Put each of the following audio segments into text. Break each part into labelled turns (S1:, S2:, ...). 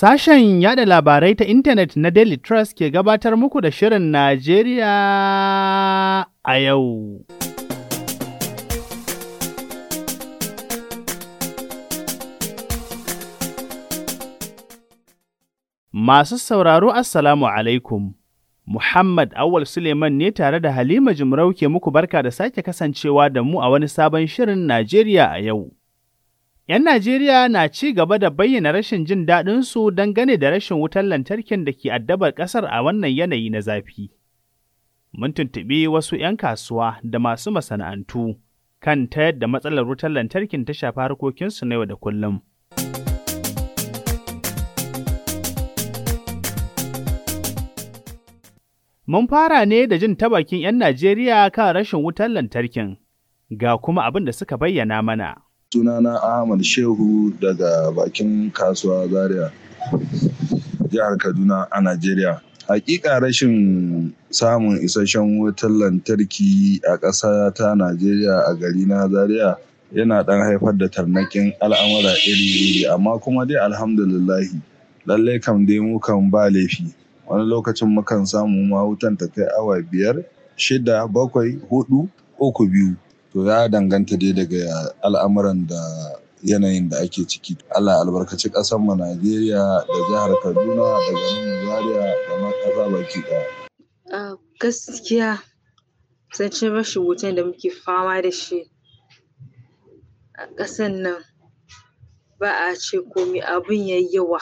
S1: Sashen yada labarai ta intanet na Daily Trust ke gabatar muku da Shirin Najeriya a yau. Masu sauraro Assalamu alaikum. Muhammad Awal Suleiman ne tare da Halima Jimarau ke muku barka da sake kasancewa da mu a wani sabon Shirin Najeriya a yau. ‘Yan Najeriya na ci gaba da bayyana rashin jin daɗinsu dangane da rashin wutar lantarkin da ke addabar ƙasar a wannan yanayi na zafi. Mun tuntuɓi wasu ‘yan kasuwa da masu masana'antu kan ta yadda matsalar wutar lantarkin ta shafa harkokinsu na yau da kullum. Mun fara ne da jin ta bakin ‘yan Najeriya kan rashin wutar lantarkin, ga kuma abin da suka bayyana mana.
S2: Sunana Ahmad Shehu daga bakin kasuwa Zaria, jihar Kaduna a Najeriya. Hakika rashin samun isasshen wutar lantarki a ƙasa ta Najeriya a gari na Zaria yana ɗan haifar da tarnakin al'amura iri iri amma kuma dai alhamdulillahi Lallai kam dai mu kam ba laifi. Wani lokacin mukan samu ma wutan ta kai awa biyar, shida, bakwai, hudu, uku, biyu. to ya danganta dai daga al'amuran da yanayin da ake ciki Allah albarkaci ƙasar mu Najeriya da jihar Kaduna da garin Zaria da ma kaza
S3: baki da a gaskiya zancen rashin wutan da muke fama da shi a ƙasar nan ba a ce komai abun yayi yawa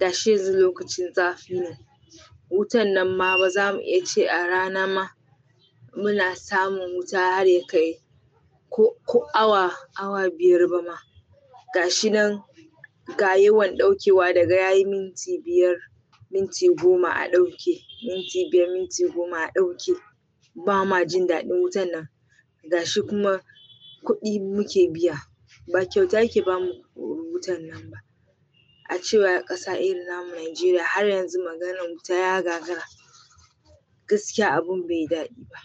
S3: gashi yanzu lokacin zafi ne wutan nan ma ba za mu iya ce a rana ma muna samun wuta har ya kai ko, ko awa awa biyar ba ma gashi nan ga yawan ɗaukewa daga yayi minti biyar minti goma a ɗauke minti biyar minti goma a ɗauke ba ma jin daɗin wutan nan gashi kuma kuɗi muke biya ba kyauta yake bamu wutan nan ba a cewa ƙasa irin namu Najeriya har yanzu maganan wuta ya gagara gaskiya abun bai daɗi ba.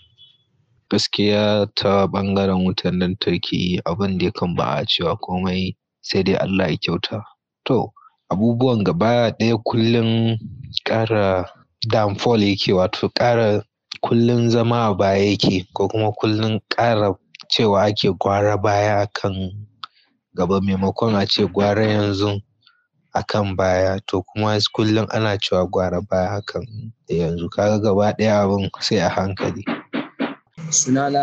S2: Gaskiya ta ɓangaren wutan lantarki abun da yakan ba a cewa komai sai dai Allah ya kyauta. To, abubuwan gaba ɗaya kullum ƙara downfall yake wato ƙara kullum zama a baya yake ko kuma kullum ƙara cewa ake gwara baya akan gaba maimakon a ce gwara yanzu akan baya to kuma kullum ana cewa gwara baya akan yanzu. kaga gaba ɗaya abun sai a hankali. Sunana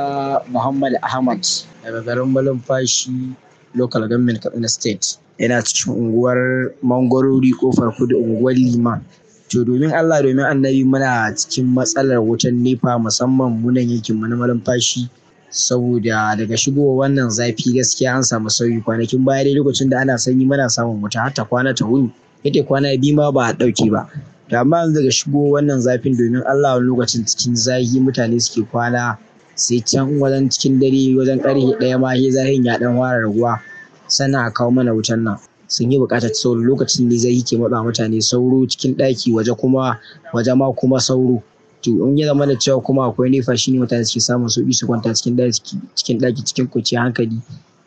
S2: Muhammad Ahmad daga garin Malumfashi Local Government Kaduna State. Yana cikin unguwar mangorori Kofar Kudu unguwar Liman. To domin Allah domin annabi muna cikin matsalar wutan nefa musamman munan yankin mana na Malumfashi saboda daga shigowa wannan zafi gaskiya an samu sauyi kwanakin baya dai lokacin da ana sanyi muna samun wuta har ta kwana ta wuni yadda kwana biyu ma ba a ɗauke ba to amma yanzu daga shigo wannan zafin domin Allah wani lokacin cikin zahi mutane suke kwana sai can wajen cikin dare wajen karfe ɗaya ma shi zafin ya dan fara raguwa sannan a kawo mana wutan nan sun yi buƙatar sauro lokacin da zai yi ke matsa mutane sauro cikin ɗaki waje kuma waje ma kuma sauro to in ya zama da cewa kuma akwai nefa shine mutane suke samun sauƙi su kwanta cikin ɗaki cikin ɗaki cikin hankali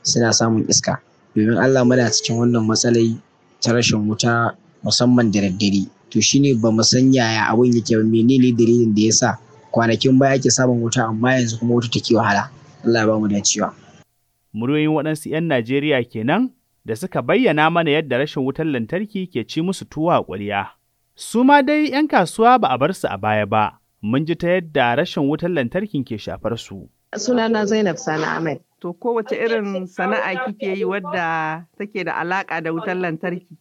S2: suna samun iska domin Allah muna cikin wannan matsalai ta rashin wuta musamman da daddare to shine ba mu san yaya abun yake menene dalilin da ya sa? kwanakin baya ake samun wuta amma yanzu kuma wuta take wahala Allah
S1: ya ba mu ciwa muryoyin waɗansu 'yan Najeriya kenan da suka bayyana mana yadda rashin wutar lantarki ke ci musu tuwa a ƙwarya. Su ma dai 'yan kasuwa ba a bar su a baya ba, mun ji ta yadda rashin wutar lantarkin ke shafar su.
S4: Sunana Zainab Sani Ahmed. To kowace irin sana'a kike yi wadda take da alaka da wutar lantarki?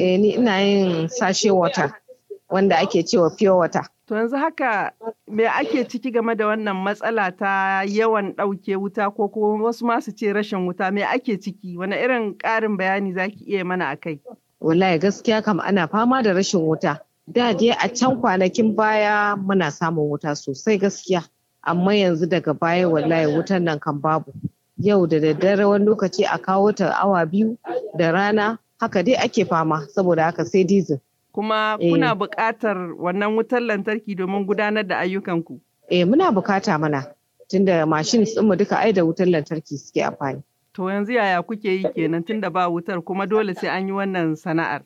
S4: Eh ni
S3: ina yin sashe wata. wanda ake cewa pure water.
S4: To yanzu haka me ake ciki game da wannan matsala ta yawan ɗauke wuta ko kuma wasu masu ce rashin wuta me ake ciki wani irin ƙarin bayani zaki iya mana a kai?
S3: Wallahi gaskiya kam ana fama da rashin wuta. Da dai a can kwanakin baya muna samun wuta sosai gaskiya. Amma yanzu daga baya wallahi wutan nan kan babu. Yau da daddare wani lokaci a kawo ta awa biyu da rana haka dai ake fama saboda haka sai dizil.
S4: kuma eh. kuna buƙatar wannan wutar lantarki domin gudanar da ayyukanku.
S3: Eh muna bukata mana tunda mashin mu duka ai da wutar lantarki suke amfani.
S4: To yanzu yaya kuke yi kenan tunda ba wutar kuma dole sai an yi wannan sana'ar.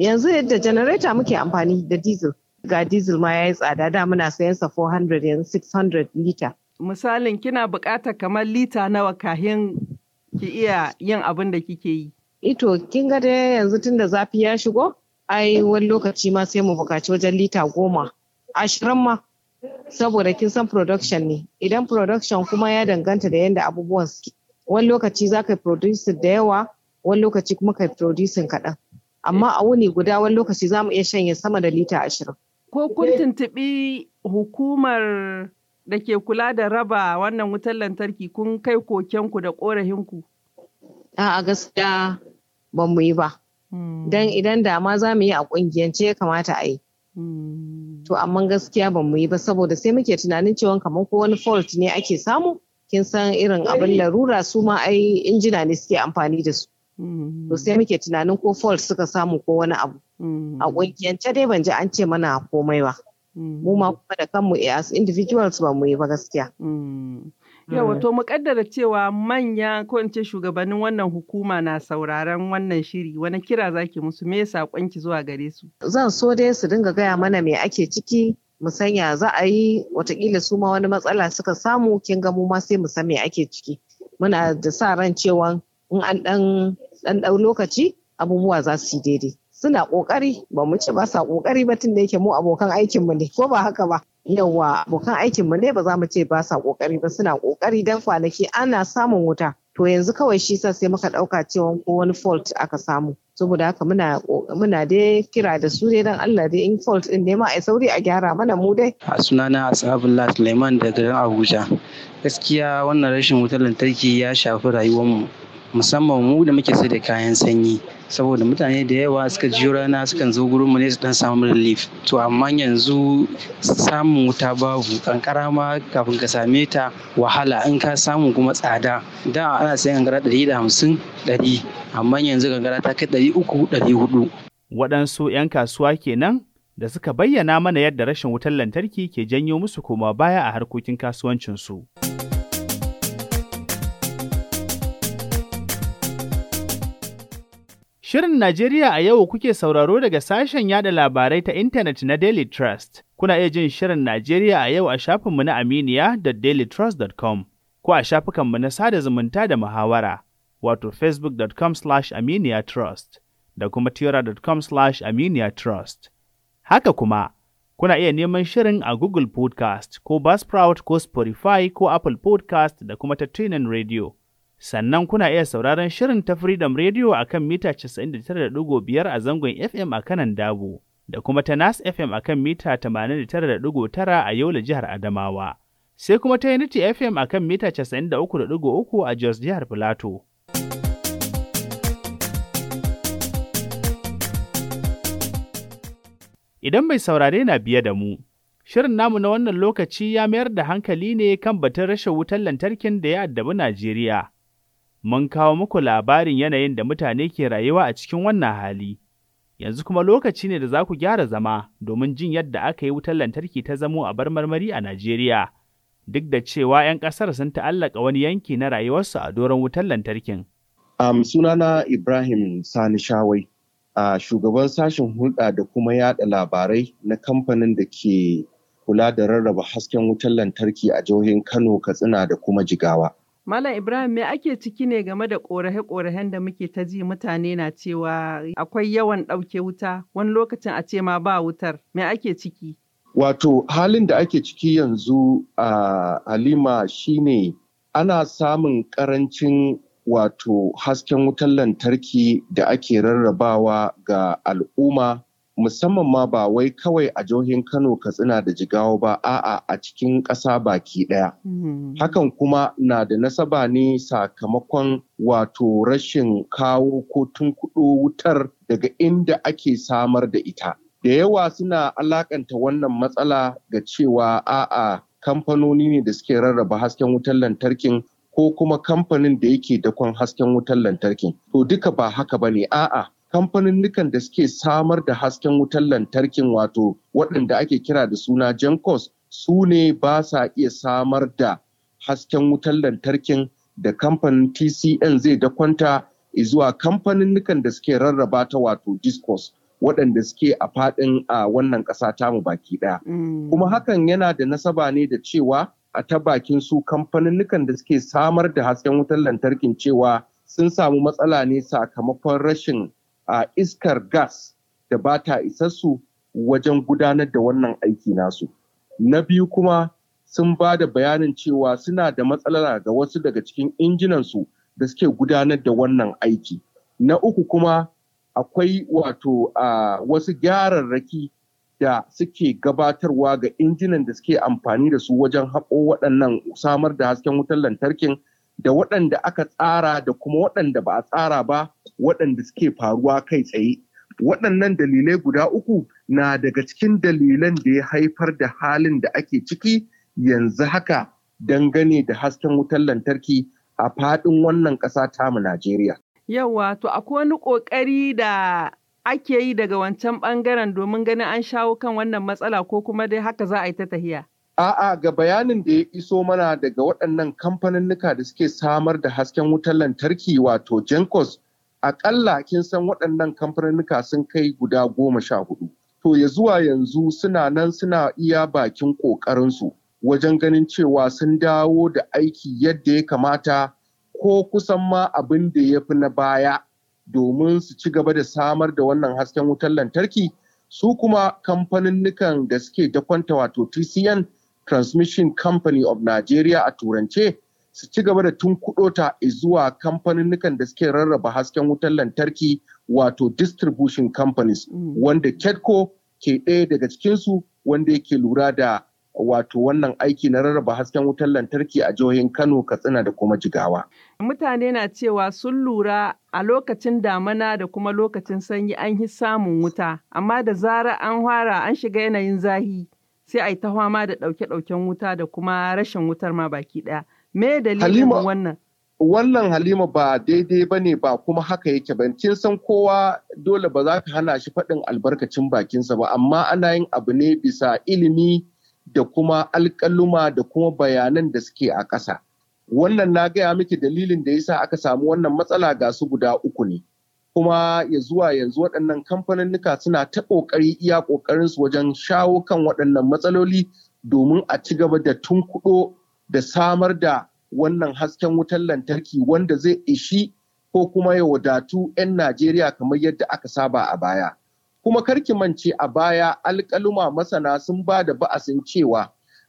S3: Yanzu yadda janareta muke amfani da diesel. Ga diesel ma yayi tsada da muna sayan sa 400 yanzu 600 lita.
S4: Misalin kina buƙatar kamar lita nawa kahin ki iya yin abin da kike yi. Ito kin
S3: ga dai yanzu tunda zafi ya shigo ai wani lokaci ma sai mu bukaci wajen lita goma ashirin ma saboda kin san production ne idan production kuma ya danganta da yadda abubuwan suke wani lokaci za ka yi da yawa wani lokaci kuma ka yi kaɗan amma a wuni guda wani lokaci za mu iya shanye sama da lita ashirin.
S4: ko kun tuntuɓi hukumar da ke kula da raba wannan wutar lantarki kun kai kokenku da korahinku
S3: A'a gaskiya ba mu yi ba. dan idan da ma za mu yi a ƙungiyance ya kamata a yi. To amma gaskiya ba mu yi ba saboda sai muke tunanin cewa kamar ko wani fault ne ake samu kin san irin abin larura su ma ai injina ne suke amfani da su. To sai muke tunanin ko fault suka samu ko wani abu. A ƙungiyance dai ban ji an ce mana komai ba. Mu ma kuma da kanmu as individuals ba mu yi ba gaskiya. Yau wato
S4: mm. mu kaddara cewa manya ko in ce shugabannin wannan hukuma na sauraron wannan shiri wani kira zaki musu me saƙonki zuwa gare su.
S3: Zan so dai su dinga gaya mana me ake ciki mu sanya za a yi watakila su ma wani matsala suka samu kin ga mu ma sai mu san me ake ciki. Muna da sa ran cewa in an dan ɗau lokaci abubuwa za su yi daidai. Suna ƙoƙari ba mu ce ba sa ƙoƙari ba tun da yake mu abokan aikinmu ne ko ba haka ba. yawa abokan aikin mu ne ba za mu ce ba sa kokari ba suna kokari dan kwanaki ana samun wuta to yanzu kawai shi sa sai muka dauka cewa ko wani fault aka samu saboda haka muna muna dai kira da su dai dan Allah dai in fault din ne ma a sauri a gyara mana mu dai
S2: a sunana Ashabullah Suleiman daga Abuja gaskiya wannan rashin wutar lantarki ya shafi rayuwar mu musamman mu da muke sai da kayan sanyi saboda mutane da yawa suka jiyo rana sukan zo gurin mu ne su dan samu relief to amma yanzu samun wuta babu kankara ma kafin ka same ta wahala in ka samu
S1: kuma tsada da ana sayan kankara 150 100 amma yanzu kankara ta kai 300 400 waɗansu 'yan kasuwa kenan da suka bayyana mana yadda rashin wutar lantarki ke janyo musu koma baya a harkokin kasuwancinsu. Shirin Najeriya a yau kuke sauraro daga sashen yada labarai ta intanet na Daily Trust. Kuna iya jin Shirin Najeriya a yau a shafinmu na Aminiya da dailytrust.com ko a shafukanmu na sada zumunta da muhawara wato facebook.com slash aminiyatrust da kuma twittercom slash Haka kuma, kuna iya neman shirin a Google Podcast ko Buzzsprout ko Spotify ko Apple Podcast da kuma ta Radio. Sannan kuna iya sauraron shirin ta Freedom Radio a kan mita 99.5 a zangon FM a kanan Dabo, da kuma ta Nas FM a kan mita 89.9 a Yola jihar Adamawa, sai kuma ta Unity FM a kan mita 93.3 a Jos jihar Filato. Idan mai saurare na biye da mu, Shirin namu na wannan lokaci ya mayar da hankali ne kan batun rashin wutar lantarkin da ya addabi Najeriya, mun kawo muku labarin yanayin da mutane ke rayuwa a cikin wannan hali. Yanzu kuma lokaci ne da za ku gyara zama domin jin yadda aka yi wutar lantarki ta zamo a bar marmari a Najeriya, duk da cewa 'yan ƙasar sun ta'allaka wani yanki na rayuwarsu a doron wutar lantarkin.
S5: Um, sunana Ibrahim Sani Shawai, uh, shugaban sashen hulɗa da kuma yaɗa labarai na kamfanin da ke kula da rarraba hasken wutar lantarki a jihohin Kano, Katsina da kuma Jigawa.
S4: Malam Ibrahim me ake ciki ne game da ƙorahe-ƙorahen da muke ta ji mutane na cewa akwai yawan ɗauke wuta wani lokacin a ce ma ba wutar me ake ciki?
S5: Wato halin da ake ciki yanzu a uh, Halima shine ana samun ƙarancin wato hasken wutar lantarki da ake rarrabawa ga al'umma musamman ma ba wai kawai a jihohin Kano Katsina da Jigawa ba a'a a cikin ƙasa baki ɗaya. Hmm. Hakan kuma na da nasaba ne sakamakon wato rashin kawo ko tunkuɗo wutar daga inda ake samar da ita. Da yawa suna alaƙanta wannan matsala ga cewa a'a kamfanoni ne da suke rarraba hasken wutar lantarkin ko kuma kamfanin da yake dakon hasken wutar lantarkin. To duka ba haka bane ne a'a kamfaninnikan da suke samar da hasken wutar lantarkin wato waɗanda ake kira da suna jenkos su ne ba sa iya samar da hasken wutar lantarkin da kamfanin TCN zai dakwanta zuwa kamfaninnikan da suke rarraba ta wato Discos waɗanda suke a faɗin a wannan ƙasa tamu baki ɗaya. Mm. Kuma hakan yana da nasaba ne da cewa a ta bakin su kamfaninnikan da suke samar da hasken wutar lantarkin cewa sun samu matsala ne sakamakon rashin a iskar gas da ba ta isassu wajen gudanar da wannan aiki nasu. Na biyu kuma sun ba da bayanin cewa suna da matsala ga wasu daga cikin injinansu da suke gudanar da wannan aiki. Na uku kuma akwai wato a wasu gyararraki da suke gabatarwa ga injinan da suke amfani da su wajen haƙo waɗannan samar da hasken wutar lantarkin da waɗanda aka tsara da kuma waɗanda ba a tsara ba waɗanda suke faruwa kai tsaye waɗannan dalilai guda uku na daga cikin dalilan da ya haifar da halin da ake ciki yanzu haka dangane da hasken wutar lantarki a faɗin wannan ƙasa tamu Najeriya.
S4: Yawwa, to akwai wani ƙoƙari da ake yi daga wancan ɓangaren domin ganin an shawo kan wannan matsala ko kuma dai haka za a yi ta tahiya.
S5: A'a ga bayanin da ya iso mana daga waɗannan kamfaninnika da suke samar da hasken wutar lantarki wato Jenkos aƙalla kin san waɗannan kamfaninnika sun kai guda goma sha hudu. To ya zuwa yanzu suna nan suna iya bakin ƙoƙarinsu wajen ganin cewa sun dawo da aiki yadda ya kamata ko kusan ma abin da ya fi na baya domin su ci gaba da samar da wannan hasken wutar lantarki su kuma kamfanin kamfaninnikan da suke dakwanta wato TCN transmission company of nigeria a turance su ci gaba da tun kudota zuwa kamfaninnukan da suke rarraba hasken wutar lantarki wato distribution companies mm. wanda ketco ke ɗaya daga cikinsu wanda yake lura da wato wannan aiki na rarraba hasken wutar lantarki a jihohin Kano, Katsina da kuma Jigawa.
S4: Mutane na cewa sun lura a lokacin damana da kuma lokacin sanyi an yi samun wuta, amma da zara an hara an shiga yanayin zahi sai a yi ta fama da ɗauke-ɗauken wuta da kuma rashin wutar ma baki ɗaya. Me dalilin wannan?
S5: Wannan Halima ba daidai ba ne ba kuma haka yake ba. Kin san kowa dole ba za ka hana shi faɗin albarkacin bakinsa ba, amma ana yin abu ne bisa ilimi da kuma alƙaluma da kuma bayanan da suke a ƙasa. Wannan na gaya miki dalilin da yasa aka samu wannan matsala ga su guda uku ne. kuma ya zuwa yanzu waɗannan kamfaninnika suna ta ƙoƙari iya ƙoƙarinsu wajen shawo kan waɗannan matsaloli domin a ci gaba da tun kuɗo da samar da wannan hasken wutar lantarki wanda zai ishi ko kuma ya wadatu 'yan Najeriya kamar yadda aka saba a baya. Kuma karki mance a baya alkaluma masana sun ba da ba'asin cewa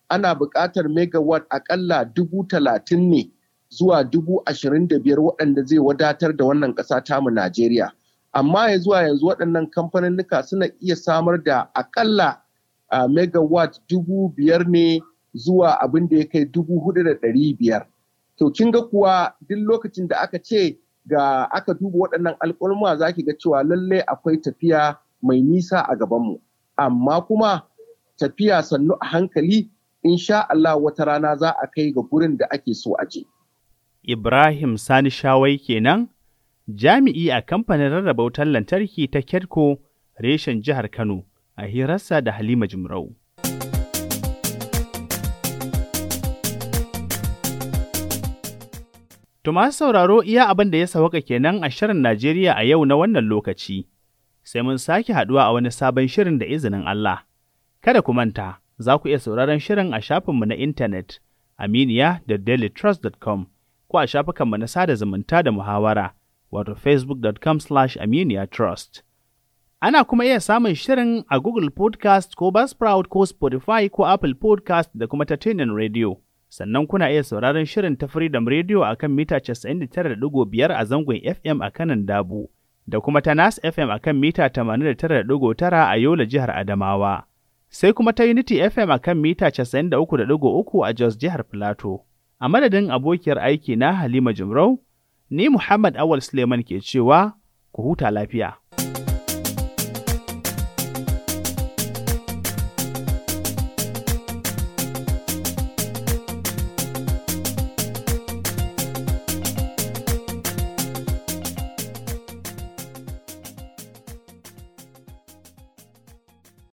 S5: ana buƙatar megawatt aƙalla dubu talatin ne zuwa dubu ashirin da biyar waɗanda zai wadatar da wannan ƙasa tamu Najeriya. Amma ya zuwa yanzu waɗannan kamfaninnika suna iya samar da aƙalla a megawatt dubu biyar ne zuwa abin da ya kai dubu hudu da ɗari biyar. To kin ga kuwa duk lokacin da aka ce ga aka duba waɗannan alƙalma za ki ga cewa lallai akwai tafiya mai nisa a gabanmu. Amma kuma tafiya sannu a hankali insha Allah wata rana za a kai ga gurin da ake so a je.
S1: Ibrahim Sani Shawai kenan, jami'i a kamfanin rarraba wutar lantarki ta Kerko reshen jihar Kano a hirarsa da Halima jimra'u Tuma masu sauraro iya abin da ya sawaka kenan a shirin Najeriya a yau na wannan lokaci, sai mun sake haduwa a wani sabon shirin da izinin Allah. Kada ku manta, za ku iya sauraron shirin a shafinmu na intanet, aminiya da dailytrust.com. ko a shafukanmu na sada zumunta da muhawara wato facebookcom trust Ana kuma iya samun shirin a Google Podcast ko Buzzsprout ko Spotify ko Apple Podcast da kuma ta Radio. Sannan kuna iya sauraron shirin ta Freedom Radio a kan mita 99.5 a zangon FM a kanan Dabu, da kuma ta Nas FM a kan mita 89.9 a Yola jihar Adamawa. Sai kuma ta Unity FM a kan mita 93.3 a Jos jihar Plateau. a madadin abokiyar aiki na Halima Jimrau, ni Muhammad Awal Suleiman ke cewa ku huta lafiya.